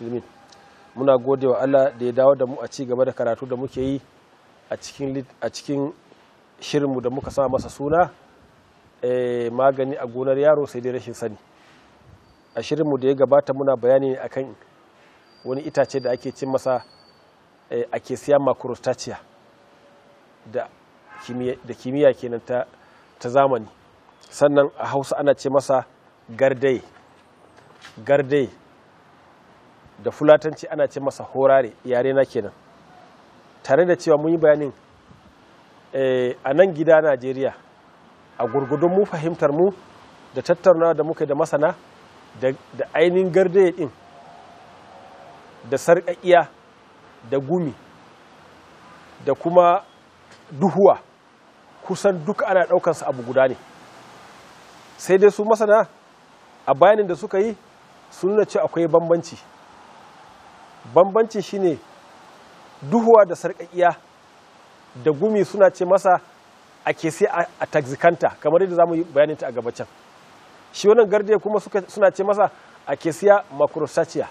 musulmin muna gode wa Allah da ya dawo da mu a ci gaba da karatu da muke yi a cikin shirinmu da muka sa masa suna eh, magani a gonar yaro sai dai rashin sani a shirinmu da ya gabata muna bayani ne akan wani itace da ake cin masa ke eh, siya macrostatia da kimiyya kenan ta zamani sannan a hausa ana ce masa gardai gardai da fulatanci ana ce masa horare yare na kenan tare da cewa mun yi bayanin eh, a nan gida najeriya a gurgudun mu fahimtar mu da tattauna da muka da masana da ainihin gardaye din da sarƙaƙiya da gumi da kuma duhuwa kusan duk ana ɗaukansa abu guda ne sai dai su masana a bayanin da suka yi sun nuna ce akwai bambanci bambanci shine duhuwa da sarƙaƙiya da gumi suna ce masa a ke sai a taxikanta kamar yadda za mu yi ta a gabacin shi wannan gardiya kuma suna ce masa a ke siya macrostatia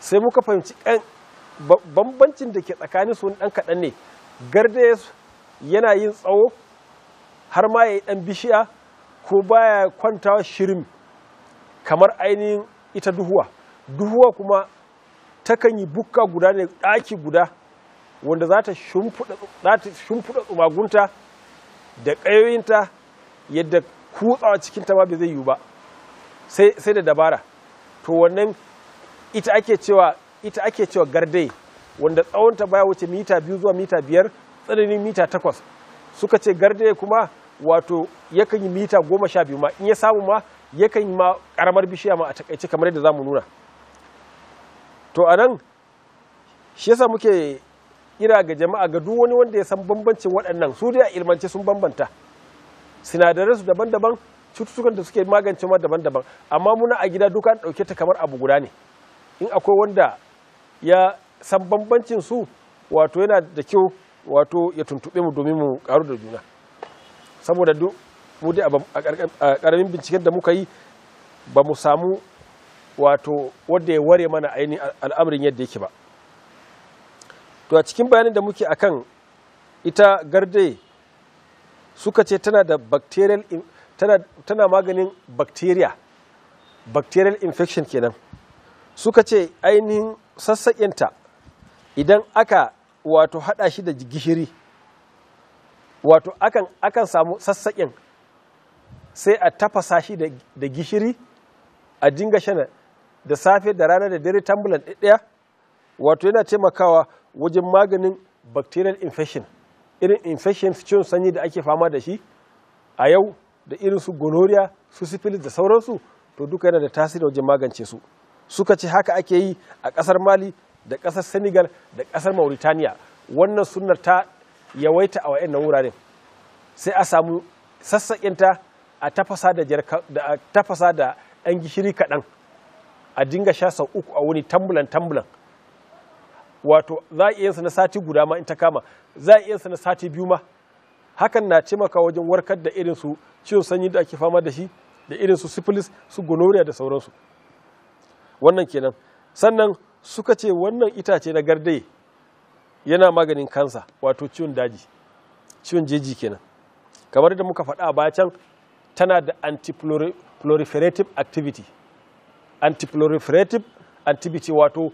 sai muka fahimci bambancin da ke tsakanin su ɗan kaɗan ne gardiya yana yin tsawo har ma ya yi ɗan bishiya ko baya kwanta shirin kamar ainihin ita duhuwa duhuwa kuma takan yi bukka guda ne ɗaki guda wanda za ta shimfiɗa tsumagunta da ƙayoyinta yadda kutsawa cikinta ma bai zai yiwu ba sai da dabara to wannan ita ake cewa ita ake cewa gardai wanda tsawonta baya wuce mita biyu zuwa mita biyar tsananin mita takwas suka ce gardai kuma wato yakan yi mita goma sha biyu ma in ya samu ma yakan yi ma ƙaramar bishiya ma a takaice kamar yadda za mu nuna to a nan shi yasa muke kira ga jama'a ga duk wani wanda ya san bambancin waɗannan su dai a ilmance sun bambanta sinadarai su daban-daban cututtukan da suke magance ma daban-daban amma muna a gida duka an ɗauke ta kamar abu guda ne in akwai wanda ya san bambancin su wato yana da kyau wato ya tuntuɓe mu domin mu karu da juna saboda duk mu dai a ƙaramin binciken da muka yi ba mu samu wato wadda ya ware mana ainihin al'amarin yadda yake ba to a cikin bayanin da muke akan ita garde suka ce tana da bacterial tana, maganin bacteria bacterial infection kenan suka ce ainihin sassaƙinta idan aka wato haɗa shi da gishiri wato akan, samu sassaƙin sai a tafasa shi da gishiri a dinga shana da safe da rana da dare tambulan ɗaya wato yana taimakawa wajen maganin bacterial infection irin infection ciwon sanyi da ake fama da shi a yau da irin su gonorrhea su syphilis da sauransu to duka yana da tasiri wajen magance su suka ce haka ake yi a ƙasar mali da ƙasar senegal da ƙasar mauritania wannan sunnar ta yawaita a wa'annan wuraren sai a samu sassaƙinta a tafasa da yan gishiri kaɗan a dinga sha sau uku a wani tambulan tambulan wato za a iya na sati guda ma in ta kama za a iya na sati biyu ma hakan na taimaka wajen warkar da irin su ciwon sanyi da ake fama da shi da irin su syphilis su gonoriya da sauransu wannan kenan sannan suka ce wannan itace na gardaye yana maganin kansa wato ciwon daji ciwon jeji kenan kamar da muka faɗa a bayan tana da anti proliferative activity antiproliferative antibody wato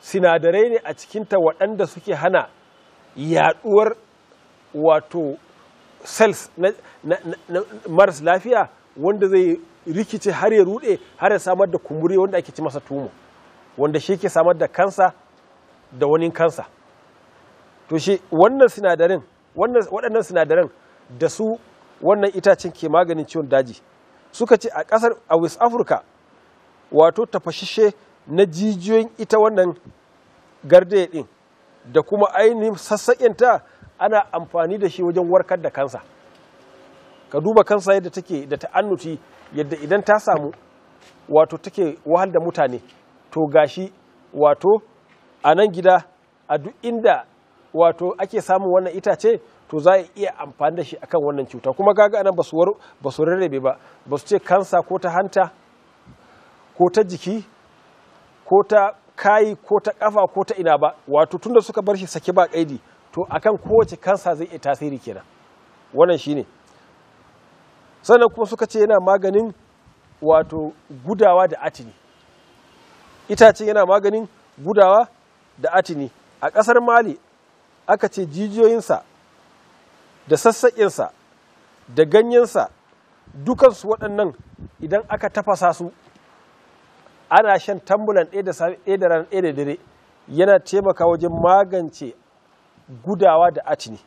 sinadarai ne a cikinta waɗanda suke hana yaɗuwar wato cells na, na, na, maras lafiya wanda zai rikice har ya rude har ya samar da kumburi wanda ake ci masa tumo wanda shi ke samar da kansa da wani kansa to shi wannan sinadarin waɗannan sinadaran da su wannan itacen ke maganin ciwon daji suka ce a ƙasar a west africa wato tafashishe na jijiyoyin ita wannan garde ɗin da kuma ainihin sassaƙinta ana amfani da shi wajen warkar da kansa ka duba kansa yadda take da ta'annuti yadda idan ta samu wato take wahal da mutane to gashi wato a nan gida a duk inda wato ake samun wannan itace to za a iya amfani da shi akan wannan cuta kuma gaga nan ba su rarrabe ba ba su ce kansa ko ta hanta ko ta jiki ko ta kayi ko ta kafa ko ta ina ba wato tunda suka bar shi sake ba kaidi to akan kowace kansa zai iya tasiri kenan wannan shine sannan kuma suka ce yana maganin wato gudawa da atini itacen yana maganin gudawa da atini a ƙasar mali aka ce jijiyoyinsa da sassaƙinsa da ganyensa dukansu waɗannan idan aka tafasa su ana shan tambulan ɗaya da dare yana taimaka wajen magance gudawa da atini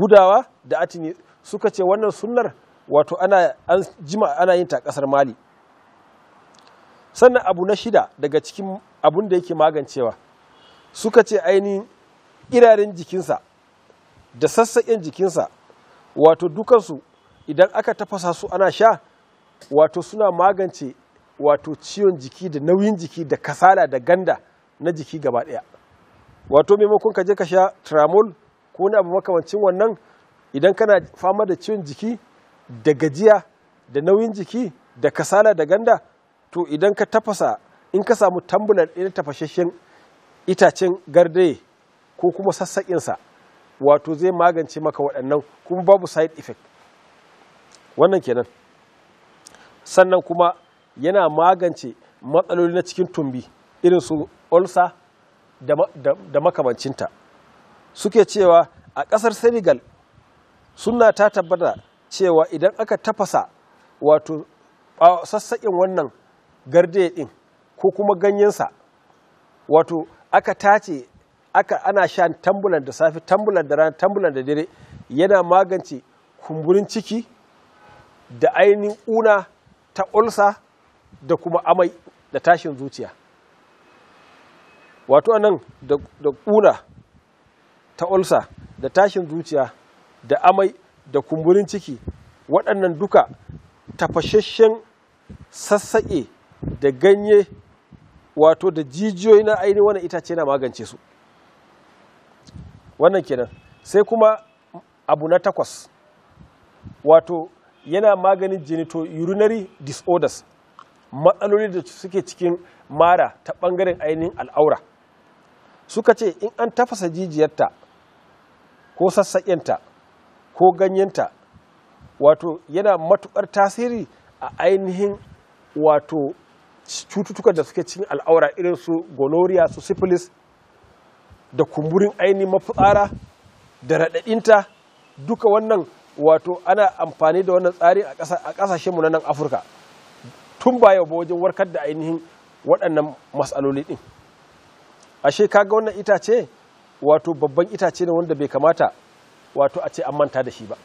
gudawa da atini suka ce wannan sunnar wato ana jima ana yin ta ƙasar mali sannan abu na shida daga cikin abun da yake magancewa suka ce ainihin irarin jikinsa da sassaƙin jikinsa wato dukansu idan aka tafasa su ana sha wato suna magance wato ciwon jiki da nauyin jiki da kasala da ganda na jiki gaba ɗaya wato maimakon ka je ka sha tramol ko wani abu makamancin wannan idan kana fama da ciwon jiki da gajiya da nauyin jiki da kasala da ganda to idan ka tafasa in ka samu tambular ɗin tafashashen itacen gardaye ko kuma sassaƙinsa wato zai magance maka waɗannan kuma babu side effect wannan kenan sannan kuma yana magance matsaloli na cikin tumbi irin su olsa da, makamancinta suke cewa a ƙasar senegal suna ta tabbata cewa idan aka tafasa wato sassaƙin wannan garde ɗin ko kuma ganyensa wato aka tace aka ana sha tambulan da safe tambulan da rana tambulan da dare yana magance kumburin ciki da ainihin una ta ulsa da kuma amai da tashin zuciya wato anan da ƙuna ta ulsa da tashin zuciya da amai da kumburin ciki waɗannan duka tafashashen sassaƙe da ganye wato da jijiyoyi na ainihin wani itace na magance su wannan kenan sai kuma abu na takwas wato yana maganin genitourinary disorders matsaloli da suke cikin mara ta bangaren ainihin al'aura suka ce in an tafasa jijiyarta ko sassaƙinta ko ganyenta wato yana matuƙar tasiri a ainihin wato cututtuka da suke cikin al'aura irin su gonorrhea su syphilis da kumburin ainihin mafitsara da raɗaɗinta duka wannan wato ana amfani da wannan tsari a ƙasashenmu na nan afirka tun ba yau ba wajen warkar da ainihin waɗannan matsaloli ɗin ashe ka ga wannan itace wato babban itace ne wanda bai kamata wato a ce an manta da shi ba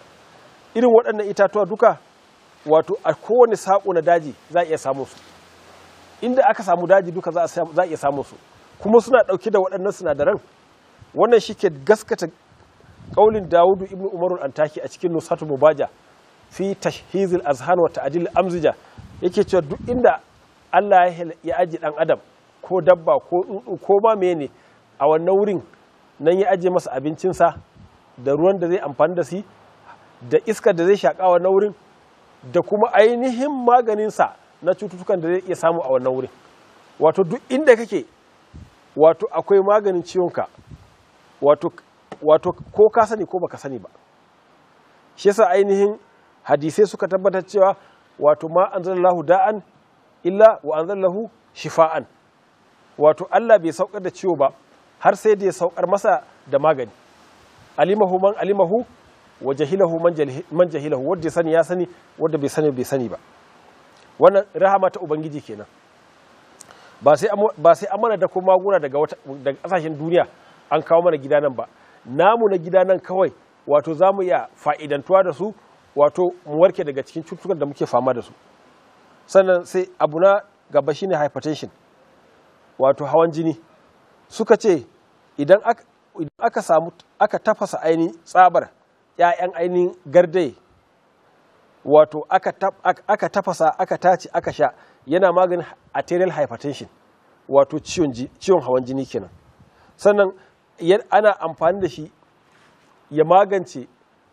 irin waɗannan itatuwa duka wato a kowane saƙo na daji za a iya samun su inda aka samu daji duka za a iya samun su kuma suna ɗauke da waɗannan sinadaran wannan shi ke gaskata ƙaunin dawudu ibn umarul antaki a cikin nusatu mubaja fi tashhizil azhan wa ta'dil amzija yake cewa duk inda Allah ya aji dan adam ko dabba ko tsuntsu ko ma mene a wannan wurin nan ya aje masa abincinsa da ruwan da zai amfani da shi da iskar da zai shaƙa a wannan wurin da kuma ainihin maganinsa na cututtukan da zai iya samu a wannan wurin wato duk inda kake wato akwai maganin ciwon wato wato ko ka sani ko baka sani ba shi yasa ainihin hadisai suka tabbatar cewa wato ma lahu da'an illa wa lahu shifa'an wato Allah bai saukar da ciwo ba har sai da ya saukar masa da magani alimahu man alimahu wa jahilahu man jahilahu wanda ya sani ya sani wanda bai sani bai sani ba wannan rahama ta ubangiji kenan ba sai an mana amana da kuma maguna daga daga duniya an kawo mana gida nan ba namu na gida nan kawai wato za mu iya fa'idantuwa da su wato mu warke daga cikin cututtukan da muke fama da su sannan sai abu na gaba shine hypertension wato hawan jini suka ce idan aka samu aka tafasa aini tsabar ‘ya'yan ainihin gardai wato aka tafasa aka tace aka sha yana maganin arterial hypertension wato ciwon hawan jini kenan sannan ana amfani da shi ya magance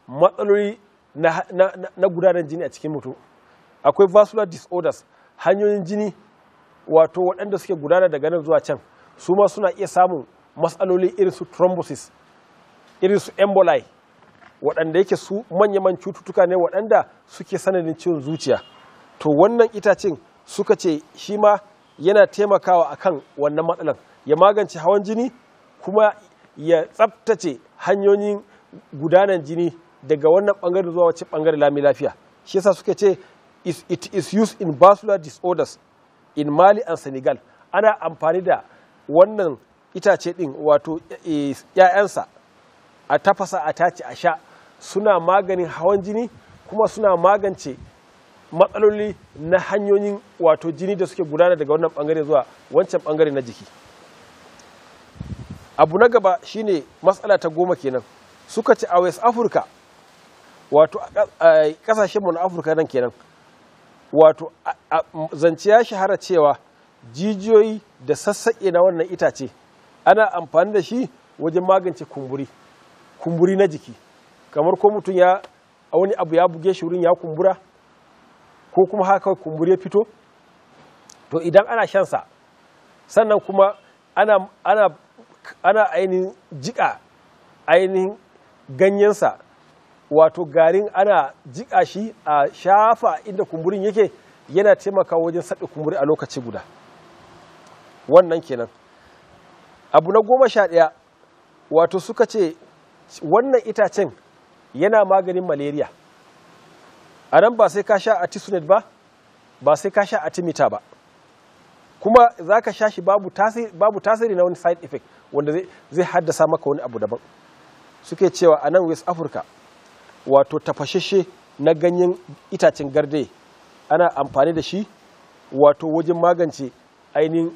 matsaloli na, gudanar jini a cikin mutum akwai vascular disorders hanyoyin jini wato waɗanda suke gudana daga nan zuwa can su ma suna iya samun matsaloli irin su thrombosis irin su emboli waɗanda yake su manyan cututtuka ne waɗanda suke sanadin ciwon zuciya to wannan itacen suka ce shi ma yana taimakawa akan wannan matsalan ya magance hawan jini kuma ya tsaftace hanyoyin gudanar jini daga wannan bangare zuwa wacce bangare lami lafiya shi yasa suke ce it is used in vascular disorders in mali and senegal ana amfani da wannan itace din wato e, ‘ya'yansa a tafasa a tace a sha suna maganin hawan jini kuma suna magance matsaloli na hanyoyin wato jini da suke gudana daga wannan bangare zuwa wancan bangare na jiki abu na gaba shine matsala ta goma kenan suka ce a west africa wato kasashen mu na afirka nan kenan wato zance ya shahara cewa jijiyoyi da sassaƙe na wannan itace ana amfani da shi wajen magance kumburi kumburi na jiki kamar ko mutum ya wani abu ya buge shi wurin ya kumbura ko kuma haka kumburi ya fito to idan ana shansa sannan kuma ana ana ana ainihin jika ainihin ganyensa wato garin ana jiƙa shi a shafa inda kumburin yake yana taimakawa wajen saɗi kumburi a lokaci guda wannan kenan abu na goma sha ɗaya wato suka ce wannan itacen yana maganin malaria a nan ba sai ka sha a ba ba sai ka sha a timita ba kuma za ka sha shi babu tasiri na wani side effect wanda zai haddasa maka wani abu daban suke cewa a nan west africa wato tafashashe na ganyen itacen garde ana amfani da shi wato wajen magance ainihin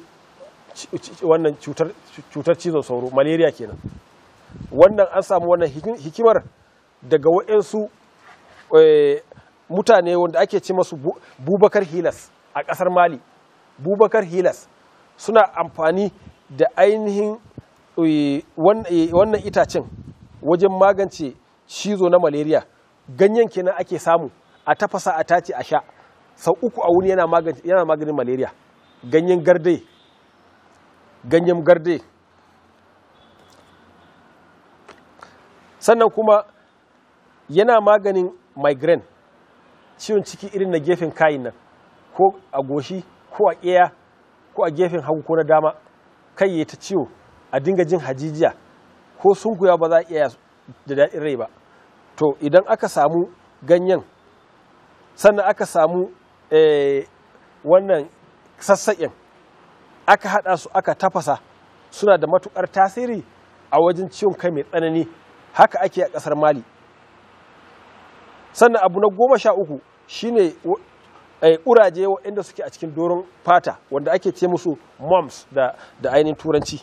wannan cutar cizon sauro malaria kenan wannan an samu wannan hikimar daga waɗansu eh, mutane wanda ake ce masu bubakar hilas a ƙasar mali bubakar hilas suna amfani da ainihin eh, eh, wannan itacen wajen magance shizo na malaria ganyen kenan ake samu a tafasa a tace a sha sau uku a wuni yana maganin malaria ganyen garde ganyen garde sannan kuma yana maganin migraine ciwon ciki irin na gefen kayin nan ko a goshi ko a ƙeya ko a gefen hagu ko na dama kai ya ta ciwo a dinga jin hajijiya ko sunkuya ba za a iya da daɗin rai ba to idan aka samu ganyen sannan aka samu eh, wannan sassaƙin aka haɗa su aka tafasa suna da matuƙar tasiri a wajen ciwon kai mai tsanani haka ake a ƙasar mali sannan abu na goma sha uku shine eh, ƙuraje waɗanda suke a cikin doron fata wanda ake ce musu moms da ainihin turanci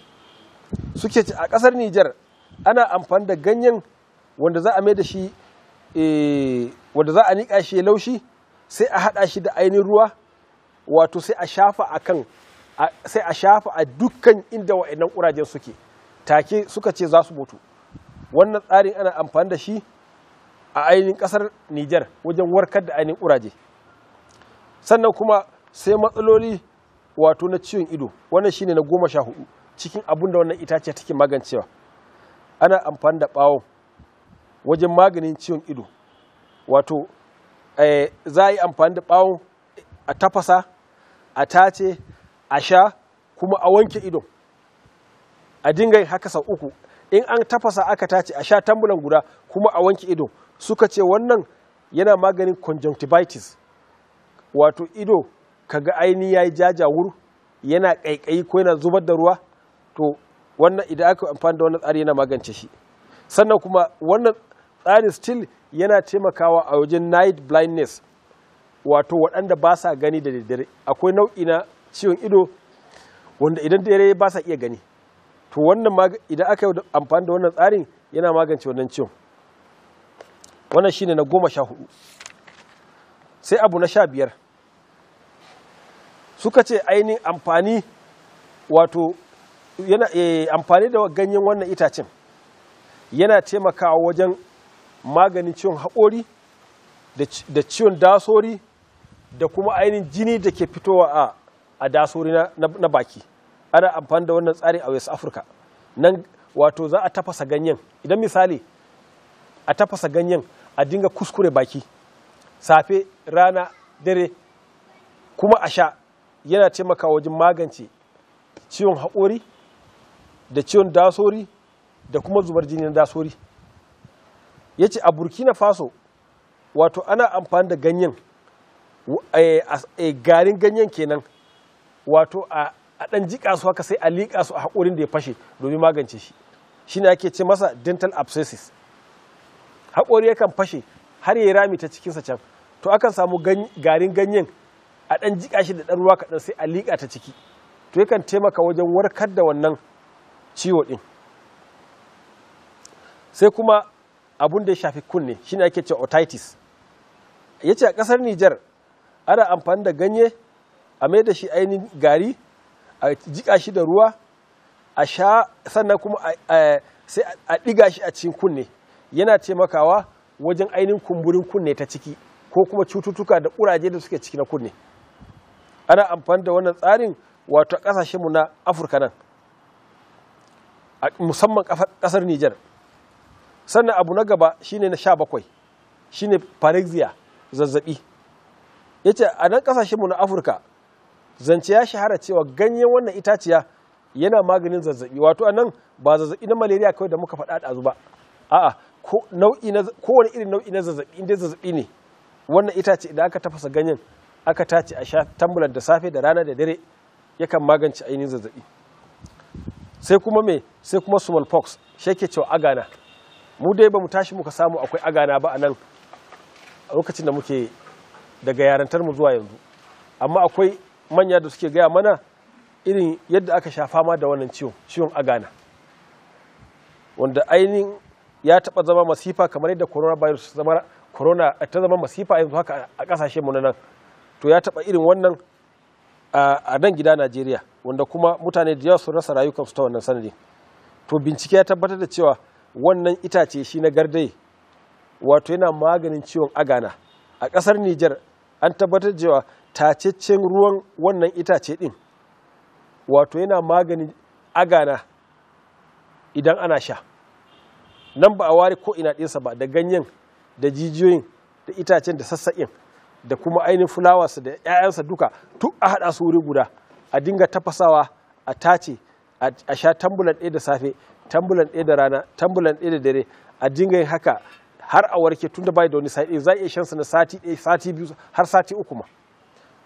suke a ƙasar nijar ana amfani da ganyen wanda za a mai da shi eh, wanda za a niƙa shi ya laushi sai a haɗa shi da ainihin ruwa wato sai a shafa a kan sai a shafa a dukkan inda wa'annan ƙurajen suke take suka ce za su mutu wannan tsarin ana amfani da shi a ainihin ƙasar Nijar wajen warkar da ainihin ƙuraje sannan kuma sai matsaloli wato na ciwon ido wannan shine na goma sha hudu cikin abin da wannan itace take magancewa ana amfani da bawon wajen maganin ciwon ido wato eh, za a yi amfani da ɓawon a tafasa a tace a sha kuma a wanke ido. a dinga haka sau uku in an tafasa aka tace a sha tambulan guda kuma a wanke ido suka ce wannan yana maganin conjunctivitis wato ido kaga aini ya yi jajawur yana kaikayi ko yana zubar da ruwa to wannan idan aka amfani da wannan tsari yana magance shi sannan kuma wannan tsarin still yana taimakawa a wajen night blindness wato waɗanda ba sa gani da daddare akwai nau'i na ciwon ido wanda idan dare ba sa iya gani to wannan idan aka yi amfani da wannan tsarin yana magance wannan ciwon wannan shine na goma sha hudu sai abu na sha biyar suka ce ainihin amfani wato yana eh, amfani da ganyen wannan itacen yana taimakawa wajen maganin ciwon haƙori da ciwon dasori da kuma ainihin jini da ke fitowa a dasori na baki ana amfani da wannan tsari a west africa nan wato za a tafasa ganyen idan misali a tafasa ganyen a dinga kuskure baki safe rana dare kuma a sha yana taimaka wajen magance ciwon haƙori da ciwon dasori da kuma zubar jini na dasori ya ce a burkina faso wato ana amfani da ganyen eh, eh, garin ganyen kenan wato a dan jika su haka sai a liƙa su a haƙorin da ya fashe domin magance shi shi ne ake ce masa dental abscesses haƙori yakan fashe har ya rami ta cikinsa can to akan samu garin ganyen a dan jika shi da dan ruwa kaɗan sai a liƙa ta ciki to yakan taimaka wajen warkar da wannan ciwo ɗin sai kuma abun da ya shafi kunne shine ake ce otitis ya ce a ƙasar Nijar ana amfani da ganye a mai da shi ainihin gari a jika shi da ruwa a sha sannan kuma sai a ɗiga shi a cikin kunne yana taimakawa wajen ainihin kumburin kunne ta ciki ko kuma cututtuka da ƙuraje da suke ciki na kunne ana amfani da wannan tsarin wato a ƙasashenmu na afirka nan musamman ƙasar nijar sannan abu na gaba shine na sha bakwai shine pyrexia zazzabi ya ce a nan kasashenmu na afirka zance ya shahara cewa ganyen wannan itaciya yana maganin zazzabi wato a nan ba zazzabi na malaria kawai da muka faɗa a ba a'a kowane irin nau'i na zazzabi inda zazzabi ne wannan itace idan aka tafasa ganyen aka tace a sha tambulan da safe da rana da dare yakan magance ainihin zazzabi sai kuma me sai kuma smallpox shi ke cewa agana mu dai ba mu tashi muka samu akwai agana ba a nan a lokacin da muke daga yarantar mu zuwa yanzu amma akwai manya da suke gaya mana irin yadda aka sha fama da wannan ciwon ciwon agana wanda ainihin ya taɓa zama masifa kamar yadda virus zama corona ta zama masifa yanzu haka a kasashe mu na nan to ya taɓa irin wannan a nan gida Najeriya wanda kuma mutane da yawa sun rasa rayukansu ta wannan sanadin to bincike ya tabbatar da cewa wannan itace shi na gardai wato yana maganin ciwon agana a ƙasar Niger an tabbatar cewa tacecen ruwan wannan itace ɗin wato yana maganin agana idan ana sha nan ba a ware ko ina ɗinsa ba da ganyen da jijiyoyin da itacen da sassaƙin da kuma ainihin fulawarsa da 'ya'yansa duka duk a haɗa su wuri guda a dinga tafasawa a tace a sha tambulan ɗaya da safe tambulan ɗaya da rana tambulan ɗaya da dare a dinga yin haka har a warke tun da bai da wani sa'i za a iya shan su na sati ɗaya sati biyu har sati uku ma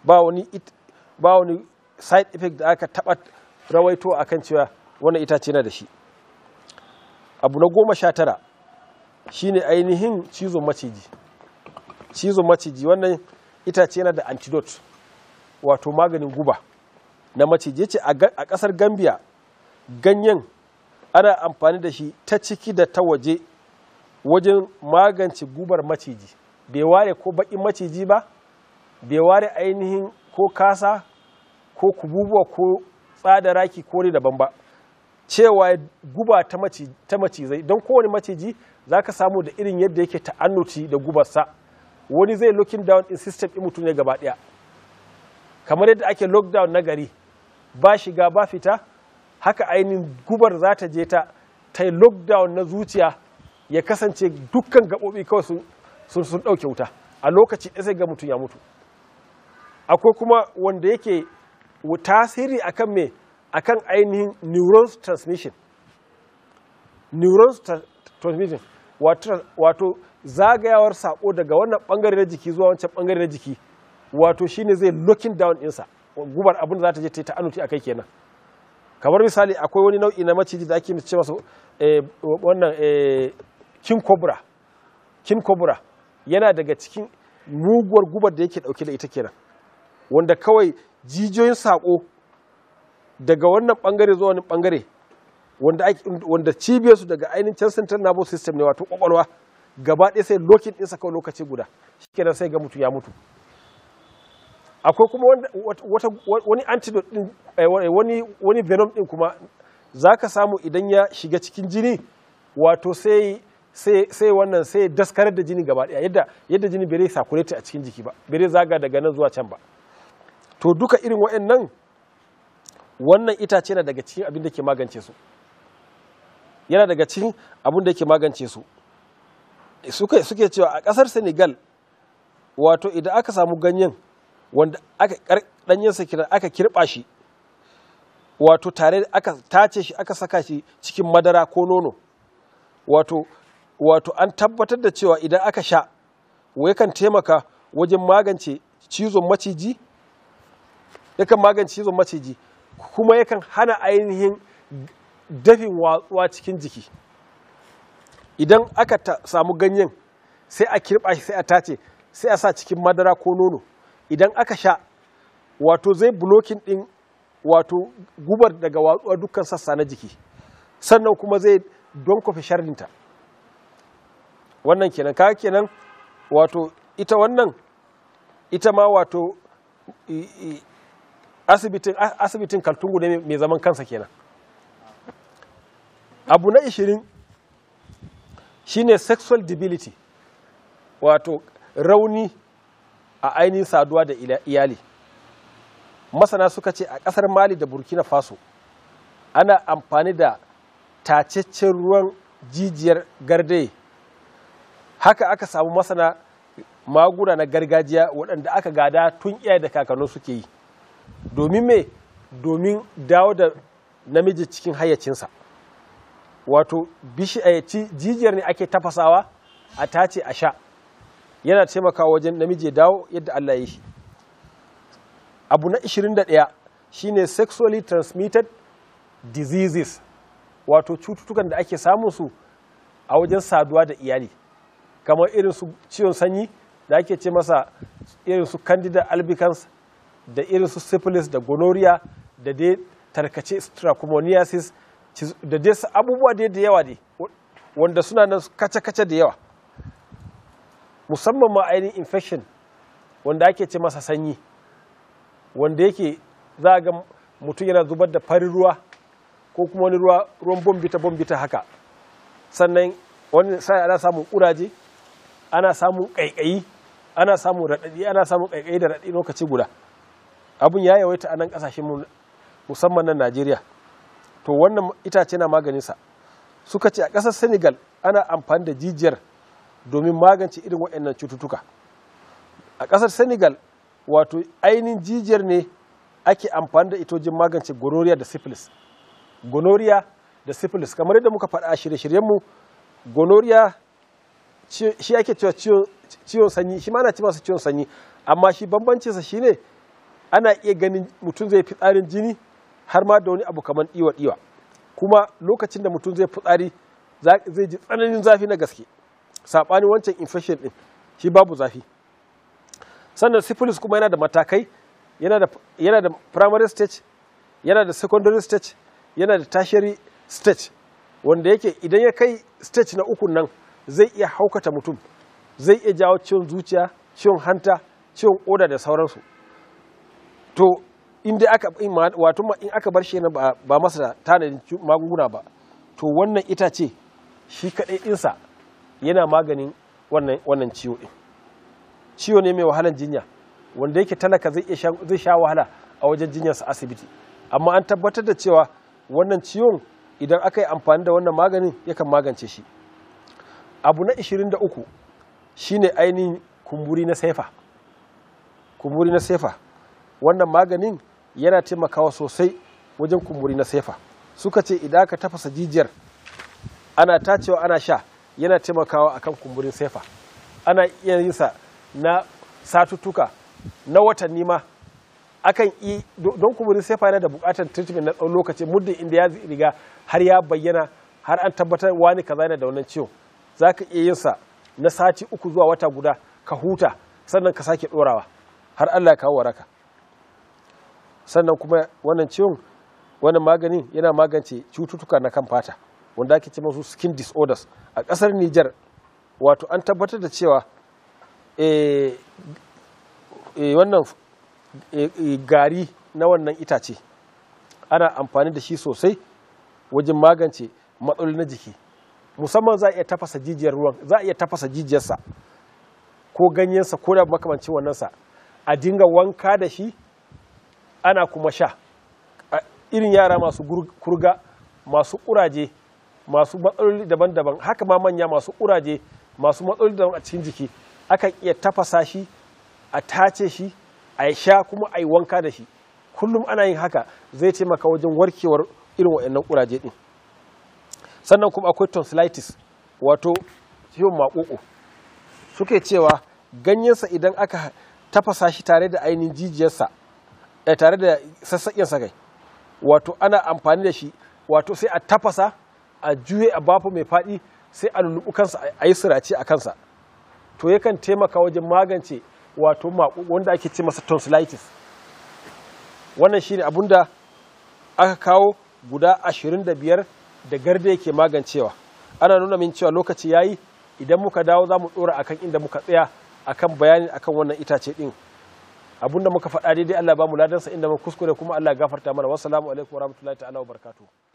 ba wani ba wani side effect da aka taɓa rawaito a kan cewa wannan itace na da shi abu na goma sha tara shine ainihin cizon maciji cizon maciji wannan itace yana da antidote wato maganin guba na maciji ce a ƙasar gambia ganyen ana amfani da shi ta ciki da ta waje wajen magance gubar maciji bai ware ko baƙin maciji ba bai ware ainihin ko kasa ko kububuwa ko tsada raki ko daban ba cewa guba ta macizai don kowane maciji za ka samu da irin yadda yake ta'annuti da gubarsa wani zai looking down in system in mutum ne gaba ɗaya kamar yadda ake lockdown na gari ba shiga ba fita haka ainihin gubar za ta je ta ta yi lockdown na zuciya ya kasance dukkan gaɓoɓi kawai sun sun ɗauke wuta a lokaci ɗaya sai ga mutum ya mutu akwai kuma wanda yake tasiri akan me akan ainihin neurons transmission neurons transmission wato zagayawar sako daga wannan bangare na jiki zuwa wancan bangare na jiki wato shine zai locking down insa gubar abin da za ta je ta anuti kai kenan kamar misali akwai wani nau'i na maciji da ake ce masa eh, wannan eh, king kobra kin kobra yana daga cikin muguwar gubar da yake dauke da ita kenan wanda kawai jijiyoyin sako daga wannan bangare zuwa wani bangare wanda wanda su daga ainihin can central nervous system ne wato kwakwalwa gaba ɗaya sai lokin ɗinsa kawai lokaci guda shikenan sai ga mutu ya mutu akwai kuma wani antidote din eh, wani venom din kuma zaka samu idan ya shiga cikin jini wato sai sai wannan sai daskarar da jini gaba daya yadda yadda jini bai sakulate a cikin jiki ba bai zaga daga nan zuwa can ba to duka irin waɗannan wannan itace na daga cikin abin da ke magance su yana daga cikin abin da ke magance su suke cewa a ƙasar senegal wato idan aka samu ganyen wanda aka ɗanyensa kiran aka kirɓa shi wato tare aka tace shi aka saka shi cikin madara ko nono wato wato an tabbatar da cewa idan aka sha kan taimaka wajen magance cizon maciji yakan magance cizon maciji kuma yakan hana ainihin dafin watsuwa cikin jiki idan aka samu ganyen sai a kirɓa shi sai a tace sai a sa cikin madara ko nono idan aka sha wato zai blokin din wato gubar daga watsuwa dukkan sassa na jiki sannan kuma zai don kwafi sharrinta wannan kenan kaga kenan wato ita wannan ita ma wato asibitin asibitin kaltungu ne mai zaman kansa kenan abu na ishirin shine sexual debility wato rauni a ainihin saduwa da iyali masana suka ce a kasar mali da burkina faso ana amfani da tacecin ruwan jijiyar gardaye haka aka samu masana magura na gargajiya waɗanda aka gada tun iya da kakannin suke yi domin me domin dawo da namiji cikin hayyacinsa wato eh, jijiyar ne ake tafasawa a tace a sha yana taimakawa wajen namiji ya dawo yadda Allah ya shi abu na 21 shine sexually transmitted diseases wato cututtukan da ake samun su a wajen saduwa da iyali kamar irin su ciwon sanyi da ake ce masa irin su candida albicans da irin su syphilis da gonorrhea da dai tarkace strachomoniasis da dai abubuwa da yawa dai wanda suna nan kaca kaca da yawa musamman ma ainihin infection wanda ake ce masa sanyi wanda yake za a ga mutum yana zubar da farin ruwa ko kuma wani ruwa ruwan bombita bombita haka sannan wani sai ana samun kuraje ana samun kaikayi ana samun raɗaɗi ana samun kaikayi da raɗaɗi lokaci guda abun ya yawaita a nan ƙasashen mu musamman nan Najeriya to wannan itace na sa suka ce a ƙasar Senegal ana amfani da jijiyar domin magance irin waɗannan cututtuka a ƙasar senegal wato ainihin jijiyar ne ake amfani da itojin magance gonoriya da syphilis gonoriya da syphilis kamar yadda muka faɗa a shirye-shiryenmu gonoriya shi ake cewa ciwon sanyi shi ma ana ci masa ciwon sanyi amma shi bambancinsa shine ana iya ganin mutum zai fitsarin jini har ma da wani abu kamar iwa ɗiwa kuma lokacin da mutum zai fitsari zai ji tsananin zafi na gaske saɓanin wancan infection ɗin shi babu zafi sannan syphilis kuma yana da matakai yana da primary stage yana da secondary stage yana da tertiary stage wanda yake idan ya kai stage na uku nan zai iya haukata mutum zai iya jawo ciwon zuciya ciwon hanta ciwon koda da sauransu to inda aka wato in aka bar shi ba masa tanadin magunguna ba to wannan itace shi kaɗai ɗinsa yana maganin wannan ciwo ɗin ciwo ne mai wahalan jinya wanda yake talaka zai sha wahala a wajen jinyarsa asibiti amma an tabbatar da cewa wannan ciwon idan aka yi amfani da wannan maganin yakan magance shi abu na 23 shine ainihin kumburi na saifa kumburi na saifa wannan maganin yana taimakawa sosai wajen kumburi na saifa suka ce idan aka tafasa jijiyar ana tacewa ana sha yana taimakawa akan kumburin sefa ana iya yin sa na satuttuka na watanni ma akan yi don kumburin sefa yana da bukatar treatment na tsawon lokaci muddin inda ya riga har ya bayyana har an tabbatar wani kaza yana da wannan ciwo za ka iya yin sa na sati uku zuwa wata guda ka huta sannan ka sake dorawa har Allah ya kawo waraka sannan kuma wannan ciwon wannan maganin yana magance cututtuka na kan fata wanda ake ce masu skin disorders a ƙasar niger wato an tabbatar da cewa eh, eh, wannan eh, gari na wannan itace ana amfani da shi sosai wajen magance matsaloli na jiki musamman za a iya tafasa jijiyar ruwan za a iya tafasa jijiyarsa ko ganyensa ko da makamancin sa a dinga wanka da shi ana kuma sha irin yara masu kurga masu ƙuraje masu matsaloli daban-daban haka ma manya masu ƙuraje masu matsaloli daban a cikin jiki akan iya tafasa shi a tace shi a sha kuma a yi wanka da shi kullum ana yin haka zai taimaka wajen warkewar irin waɗannan ƙuraje din. sannan kuma akwai tonsillitis wato ciwon maƙoƙo suke cewa ganyensa idan aka tafasa shi tare da ainihin jijiyarsa eh, tare da sassaƙinsa kai wato ana amfani da shi wato sai a tafasa a juye a bafa mai faɗi sai a lulluɓu kansa a yi sirace a kansa to yakan taimaka wajen magance wato wanda ake ce masa tonsillitis wannan shine abun da aka kawo guda ashirin da biyar da garda yake magancewa ana nuna min cewa lokaci ya yi idan muka dawo za mu ɗora akan inda muka tsaya akan bayanin akan wannan itace din abinda muka faɗa daidai Allah ba mu ladansa inda mun kuskure kuma Allah gafarta mana wassalamu alaikum warahmatullahi ta'ala wabarakatuh